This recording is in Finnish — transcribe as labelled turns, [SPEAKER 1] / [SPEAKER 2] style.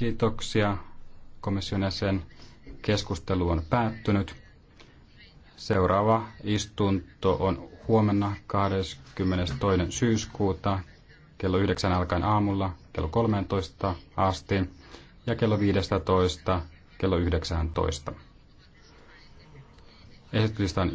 [SPEAKER 1] Kiitoksia komission jäsen. Keskustelu on päättynyt. Seuraava istunto on huomenna 22. syyskuuta kello 9 alkaen aamulla kello 13 asti ja kello 15 kello 19.
[SPEAKER 2] Esityslistan